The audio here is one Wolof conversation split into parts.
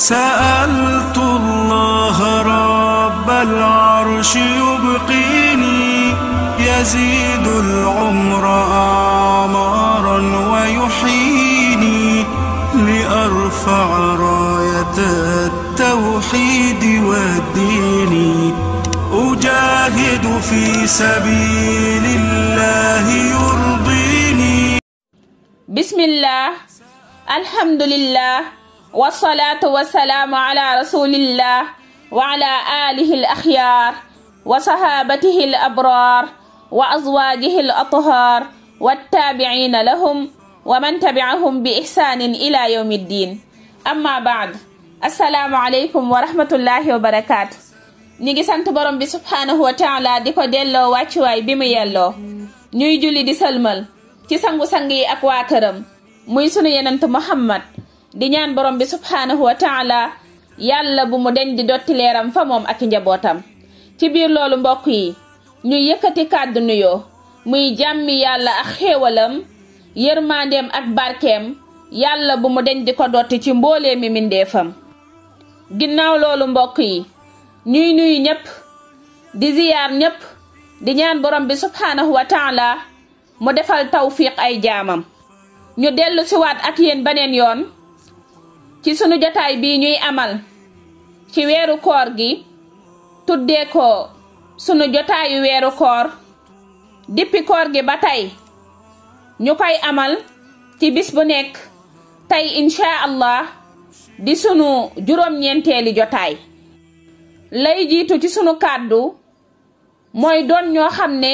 سألت الله رب العرش يبقيني يزيد العمر أعمارا ويحييني لأرفع راية التوحيد والدين أجاهد في سبيل الله يرضيني بسم الله الحمد لله wasalaatu wasalaamu ala rasulillah wa ala alihi al axyaar wa sahaabatihi al abraar wa azwaajihi al athaar wattaabiciina lahum wa man tabi'ahum bi ihsaanin ila yawmi ddiin amma baad assalaamu aleykum wa rahmatullahi wa barakaatu ñi ngi sant borom bi subhaanahu wa taala di ko delloo wàccuwaay bi mu yelloo ñuy julli di sëlmal ci sangu-sang yi ak waa këram muy sunu yenent muhammad di ñaan borom bi subhaanahu wa yàlla bu mu deñ di dotti leeram fa moom ak njabootam ci biir loolu mbokk yi ñu yëkkati kàddu nuyoo muy jàmmi yàlla ak xéewalam yërmandeem ak barkeem yàlla bu mu deñ di ko dotti ci mboolee mi mindeefam ginnaaw loolu mbokk yi ñuy nuyu ñépp di ziyaar ñépp di ñaan borom bi subhaanahu wa taala mu defal tawfiq ay jaamam ñu dellu siwaat ak yéen beneen yoon ci sunu jotaay bii ñuy amal ci weeru koor gi tuddee ko sunu jotaayu weeru koor dippi koor gi ba tey ñu koy amal ci bis bu nekk tey incha allah di sunu juróom-ñeenteeli jotaay lay jiitu ci sunu kàddu mooy doon ñoo xam ne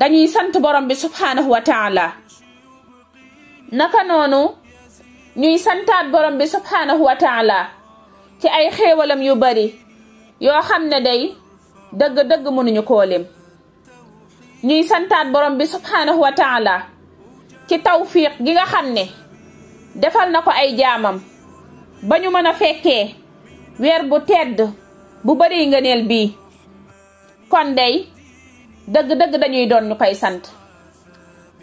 dañuy sant borom bi subhaanahu wa taala naka noonu ñuy santaat borom bi subhaanahu wa taala ci ay xéewalam yu bari yoo xam ne day dëgg-dëgg mënuñu koo lim ñuy santaat borom bi subhaanahu wa taala ci tawfiq gi nga xam ne defal na ko ay jaamam ba ñu mën a fekkee weer bu tedd bu bari ngëneel bi kon day dëgg-dëgg dañuy doon ñu koy sant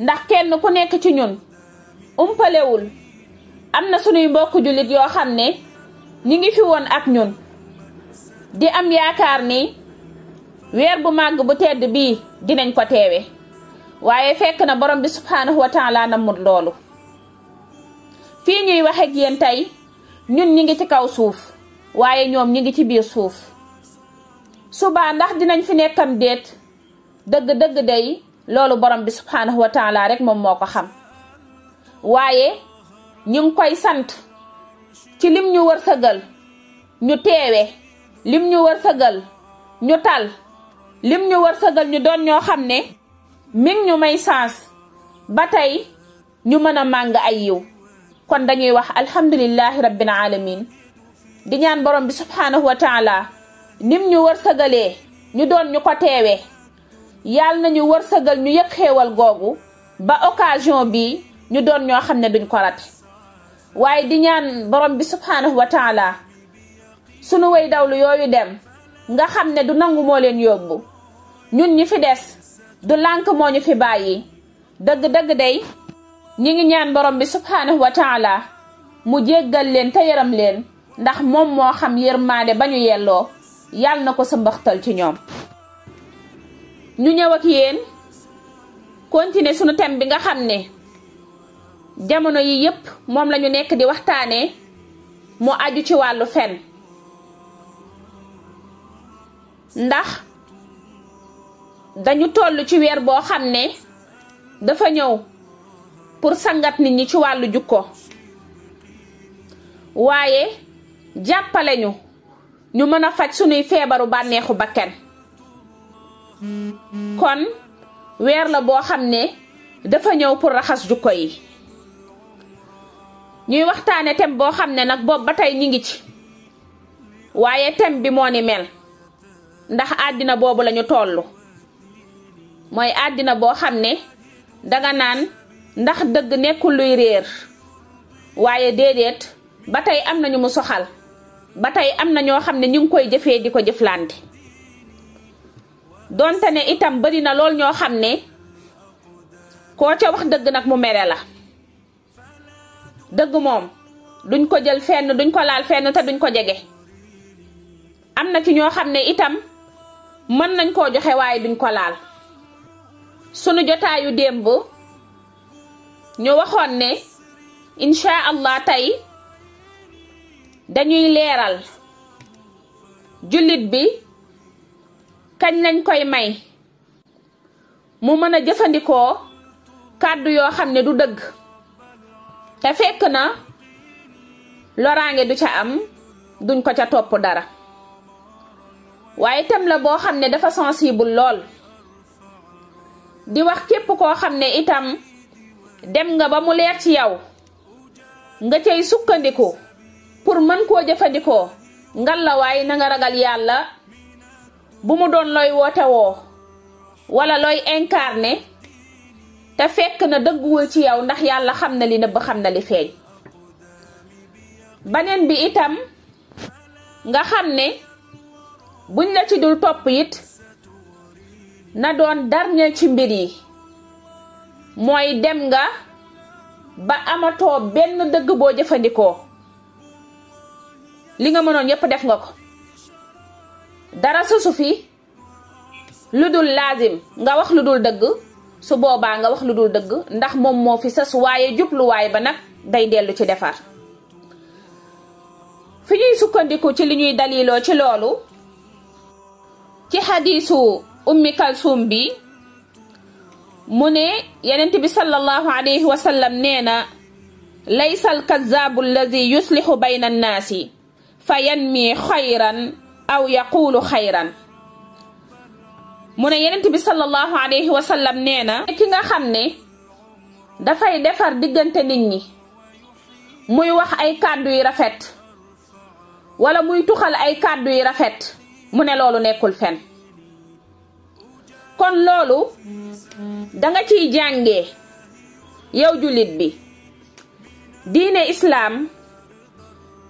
ndax kenn ku nekk ci ñun umpalewul am na sunuy mbokk jullit yoo xam ne ñi ngi fi woon ak ñun di am yaakaar ni weer bu màgg bu tedd bii dinañ ko teewe waaye fekk na borom bi subhaanahu wa taala namul loolu fii ñuy wax ak tey ñun ñi ngi ci kaw suuf waaye ñoom ñi ngi ci biir suuf subaa ndax dinañ fi nekkam déet dëgg-dëgg day loolu borom bi subhaanahu wa moom moo ko xam waaye ñu koy sant ci lim ñu wërsëgal ñu teewe lim ñu wërsëgal ñu tal lim ñu wërsëgal ñu doon ñoo xam ne mi ñu may chance ba tey ñu mën a màng ay yiw kon dañuy wax alhamdulillahi rabbil alamin di ñaan borom bi subhaanahu wa taala nim ñu wërsëgalee ñu doon ñu ko teewee yàll nañu sëgal ñu yëg xéewal googu ba occasion bi ñu doon ñoo xam ne duñ ko rate waaye di ñaan borom bi subhaanahu wa taala sunu way dawlu yooyu dem nga xam ne du nangu moo leen yóbbu ñun ñi fi des du lànk moo ñu fi bàyyi dëgg-dëgg day ñi ngi ñaan borom bi subhaanahu wa taala mu jéggal leen te ndax moom moo xam yërmaande ba ñu yelloo yàlla na ko sa mbaxtal ci ñoom ñu ñëw ak yéen continuer sunu thème bi nga xam ne jamono yi yépp moom lañu nekk di waxtaanee mu aju ci wàllu fen ndax dañu toll ci weer boo xam ne dafa ñëw pour sangat nit ñi ci wàllu jukko waaye jàppale ñu ñu mën a faj sunuy feebaru bànneexu bakken kon weer la boo xam ne dafa ñëw pour raxas jukko yi ñuy waxtaane thème boo xam ne nag boobu ba tey ñi ngi ci waaye thème bi moo ni mel ndax àddina boobu lañu toll mooy àddina boo xam ne danga naan ndax dëgg nekkul luy réer waaye déedéet ba tey am na ñu mu soxal ba tey am na ñoo xam ne ñu ngi koy jëfee di ko jëflante donte ne itam bari na lool ñoo xam ne koo ca wax dëgg nag mu mere la dëgg moom duñ ko jël fenn duñ ko laal fenn te duñ ko jege am na ci ñoo xam ne itam mën nañ koo joxe waaye duñ ko laal sunu jotaayu démb ñu waxoon ne incha allah tey dañuy leeral jullit bi kañ lañ koy may mu mën a jëfandikoo kàddu yoo xam ne du dëgg te fekk na loraange du ca am duñ ko ca topp dara waaye itam la boo xam ne dafa sensible lool di wax képp koo xam ne itam dem nga ba mu leer ci yow nga cay sukkandiku pour mën koo jëfandikoo ngal la waaye na ragal yàlla bu mu doon looy woote woo wala looy incarné te fekk na dëgguwul ci yow ndax yàlla xam na li nëbb xam na li feeñ baneen bi itam nga xam ne buñ la ci dul topp it na doon darñe ci mbir yi mooy dem nga ba amatoo benn dëgg boo jëfandikoo li nga mënoon yépp def nga ko dara susu fi lu dul laazim nga wax lu dul dëgg su boobaa nga wax lu du dëgg ndax moom moo fi sas waaye jubluwaay ba nag day dellu ci defar fi ñuy sukkandiku ci li ñuy daliloo ci loolu ci xadiisu ummi kalsum bi mu ne yenent bi sallallahu alayhi wa sallam nee na laysa alkazaabu alladi yuslixu bayna annaasi fa yanmi xayran aw yaquulu xayran mu ne yenent bi sallallahu alayhi wa sallam nee na ki nga xam ne dafay defar diggante nit ñi muy wax ay kàddu yu rafet wala muy tuxal ay kàddu yu rafet mu ne loolu nekkul fen kon loolu danga ciy jànge yow jullit bi diine islaam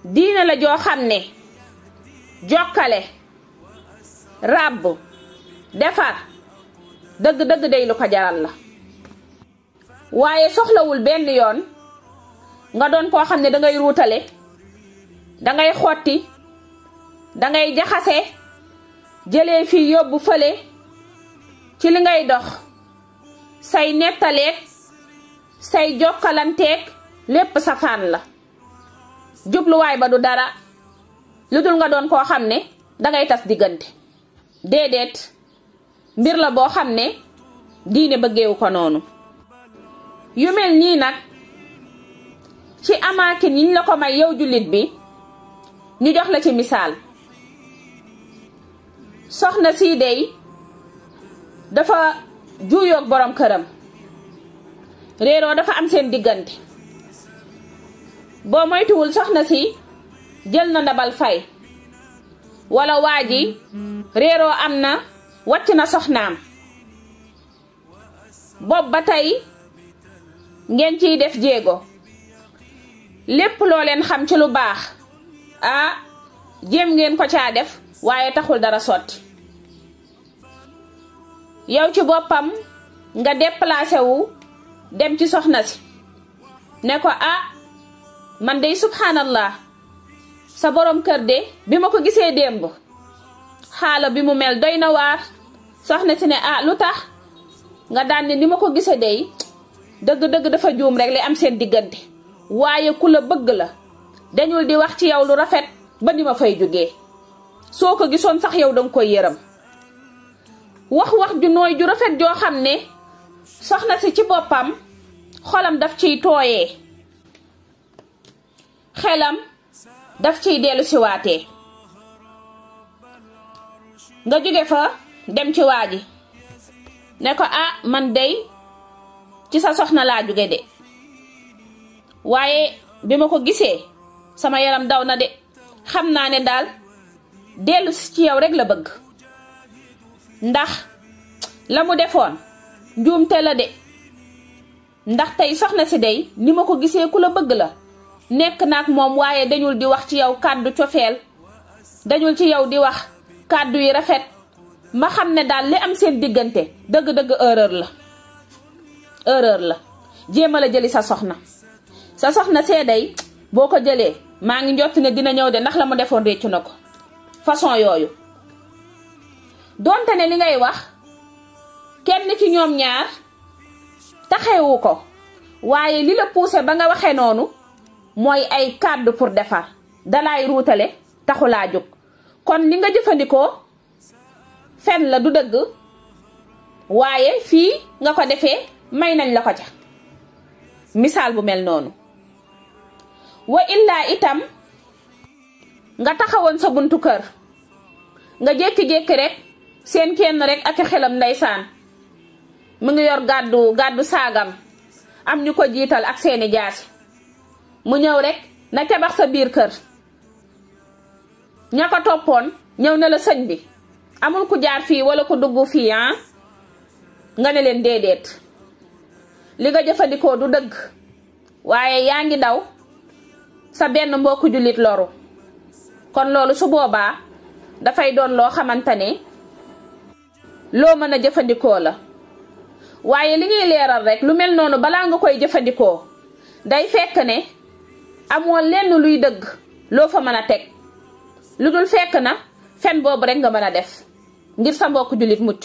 diine la joo xam ne jokkale ràbb defar dëgg-dëgg day lu ko jaral la waaye soxlawul benn yoon nga doon koo xam ne dangay ruutale dangay xotti dangay jaxase jële fii yóbbu fële ci li ngay dox say nettaleeg say jokkalanteeg lépp safaan la jubluwaay ba du dara lu dul nga doon koo xam ne dangay tas diggante déedéet mbir la boo xam ne diine bëggeewu ko noonu yu mel nii nag ci amaakin yiñ la ko may yow jullit bi ñu jox la ci misaal soxna si dey dafa juuyoog boroom këram réeroo dafa am seen diggante boo moytuwul soxna si jël na ndabal fay walla waa ji réeroo am na wàcc na soxnaam bopp ba tey ngeen ciy def jéego lépp loo leen xam ci lu baax ah jéem ngeen ko caa def waaye taxul dara sotti yow ci boppam nga déplacé wu dem ci soxna si ne ko ah man dey subhanallah sa boroom kër de bi ma ko gisee démb xaalo bi mu mel doy na waar soxna si ne ah lu tax nga daan ne ni ma ko gisee day dëgg-dëgg dafa juum rek li am seen diggante waaye ku la bëgg la dañul di wax ci yow lu rafet ba ni ma fay jógee soo ko gisoon sax yow danga koy yëram wax-wax ju nooy ju rafet joo xam ne soxna si ci boppam xolam daf ciy tooye xelam daf ciy dellu nga jóge fa dem ci waa ji ne ko ah man dey ci sa soxna laa jóge de waaye bi ma ko gisee sama yaram daw na de xam naa ne daal dellu si ci yow rek la bëgg ndax la mu defoon njuumte la de ndax tey soxna si dey ni ma ko gisee ku la bëgg la nekk naag moom waaye dañul di wax ci yow kàddu cofeel dañul ci yow di wax kàddu yi rafet ma xam ne daal li am seen diggante dëgg-dëgg erreur la erreur la jéem a la jëli sa soxna sa soxna seeday boo ko jëlee maa ngi njott ne dina ñëw de ndax la mu defoon réccu na ko façon yooyu donte ne li ngay wax kenn ci ñoom ñaar taxewu ko waaye li la poussé ba nga waxee noonu mooy ay kàddu pour defar dalaay ruutale taxulaa jóg kon li nga jëfandikoo fen la du dëgg waaye fii nga ko defee may nañ la ko ca misaal bu mel noonu wa illaa itam nga taxawoon sa buntu kër nga jékki-jékki rek seen kenn rek ak xelam ndeysaan mu ngi yor gàddu gàddu saagam am ñu ko jiital ak seeni jaasi mu ñëw rekk na tabax sa biir kër ña ko toppoon ñëw na la sëñ bi amul ku jaar fii wala ku dugg fii ah nga ne leen déedéet li nga jëfandikoo du dëgg waaye yaa ngi daw sa benn mbokku jullit loru kon loolu su boobaa dafay doon loo xamante ne loo mën a jëfandikoo la waaye li ngay leeral rek lu mel noonu balaa nga koy jëfandikoo day fekk ne amoon lenn luy dëgg loo fa mën a teg lu dul fekk na fen boobu rek nga mën a def ngir sa mbokk jullit mucc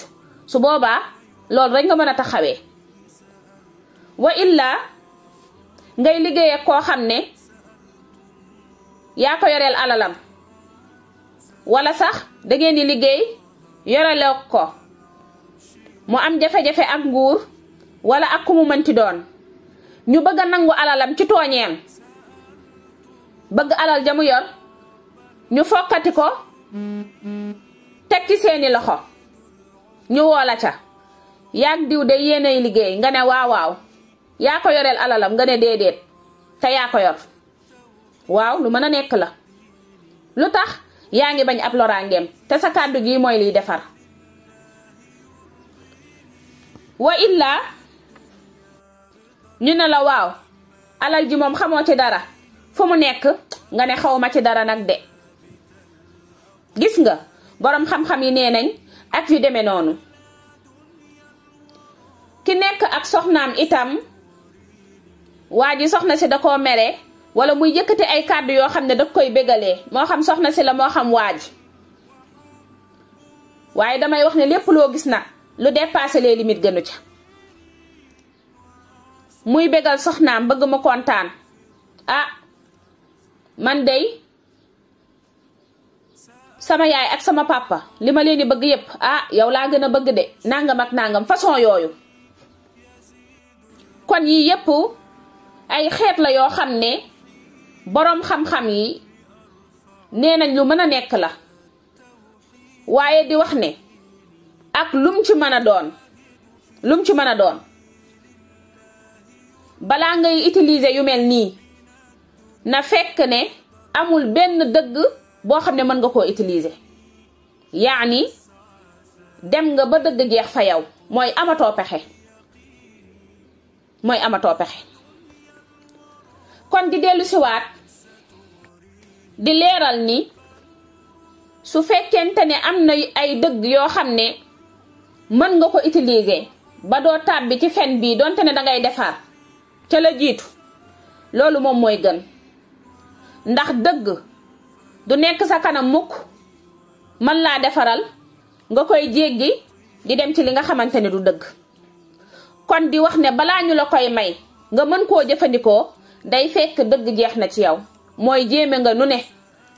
su boobaa loolu rek nga mën a taxawee wa illaa ngay liggéey koo xam ne yaa ko yoreel alalam wala sax dangeen di liggéey yorele ko mu am jafe-jafe ak nguur wala ak ku mu mënti doon ñu bëgg nangu alalam ci tooñeen bëgg alal ja mu yor ñu fokkati ko teg ci seeni loxo ñu woo la ca yaag diw de yéenay liggéey nga ne waaw waaw yaa ko yoreel alalam nga ne déedéet te yaa ko yor waaw lu mën a nekk la lu tax yaa ngi bañ ab loraangeem te sa kàddu gi mooy liy defar wa illaa ñu ne la waaw alal ji moom xamoo ci dara fu mu nekk nga ne xaw ma ci dara nag de gis nga boroom xam-xam yi nee nañ ak yu demee noonu ki nekk ak soxnaam itam waa ji soxna si da koo mere wala muy yëkkati ay kàddu yoo xam ne da koy béggalee moo xam soxna si la moo xam waa ji waaye damay wax ne lépp loo gis nag lu dépassé les limites gënu ca muy bégal soxnaam bëgg ma kontaan ah man dey sama yaay ak sama pàppa li ma leen di bëgg yëpp ah yow laa gën a bëgg de nangam ak nàngam façon yooyu kon yii yëpp ay xeet la yoo xam ne boroom xam-xam yi nee nañ lu mën a nekk la waaye di wax ne ak lum ci mën a doon lum ci mën a doon balaa ngay utilise yu mel nii na fekk ne amul benn dëgg boo xam ne mën nga koo utiliser yaani dem nga ba dëgg jeex fa yow mooy amatoo pexe mooy amatoo pexe kon di dellu siwaat di leeral ni su fekkente ne am na ay dëgg yoo xam ne mën nga ko utiliser ba doo tàbbi ci fen bii donte ne dangay defar ca la jiitu loolu moom mooy gën ndax dëgg du nekk sa kanam mukk mën laa defaral nga koy jéggi di dem ci li nga xamante ne du dëgg kon di wax ne balaa ñu la koy may nga mën koo jëfandikoo day fekk dëgg jeex na ci yow mooy jéeme nga nu ne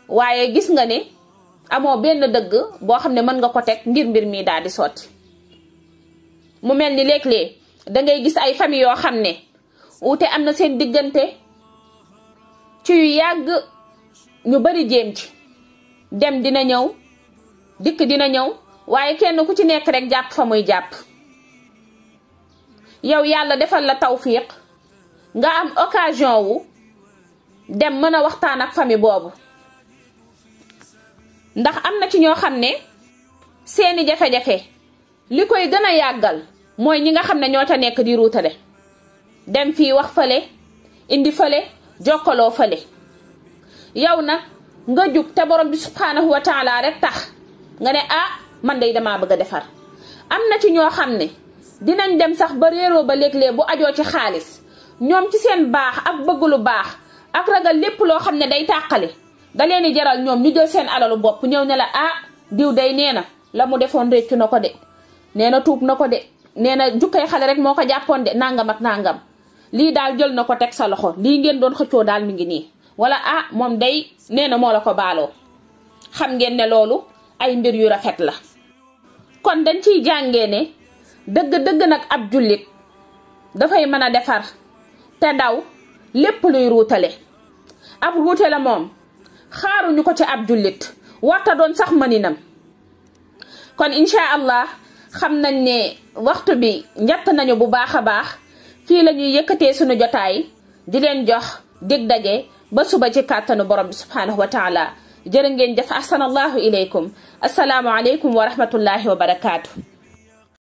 waaye gis nga ne amoo benn dëgg boo xam ne mën nga ko teg ngir mbir mii daal di sotti mu mel ni léeg-léeg dangay gis ay famille yoo xam ne wuute am na seen diggante ci yu yàgg ñu bari jéem ci dem dina ñëw dikk dina ñëw waaye kenn ku ci nekk rek jàpp fa muy jàpp yow yàlla defal la tawfiq nga am occasion wu dem mën a waxtaan ak famille boobu ndax am na ci ñoo xam ne seeni jafe-jafe li koy gën a yàggal mooy ñi nga xam ne ñoo ca nekk di ruutale dem fii wax fële indi fële jokkaloo fële yow nag nga jug te borom bi subhaanahu wa taala rek tax nga ne ah man day damaa bëgg a defar am na ci ñoo xam ne dinañ dem sax ba réeroo ba léeg-léeg bu ajoo ci xaalis ñoom ci seen baax ak bëgg lu baax ak ragal lépp loo xam ne day tàqale da leen di jaral ñoom ñu jël seen alalu bopp ñëw ne la ah diw day nee na la mu defoon réccu na ko de nee na tuub na ko de nee na jukkay xale rek moo ko jàppoon de nangam ak nangam lii daal jël na ko teg sa loxo lii ngeen doon xëccoo daal mi ngi nii wala ah moom day nee na moo la ko baaloo xam ngeen ne loolu ay mbir yu rafet la kon dañ ciy jàngee ne dëgg-dëgg nag ab jullit dafay mën a defar te daw lépp luy ruutale ab ruutale moom xaaruñu ko ci ab jullit warta doon sax maninam kon incha allah xam nañ ne waxtu bi njatt nañu bu baax a baax fii la ñuy yëkkatee suñu jotaay di leen jox dig ba suba ci kàttanu borom bi subhaanahu wa taala jërë ngeen jëf ahsanallahu ilaykum asalaamu aleykum wa rahmatullahi wa barakaatu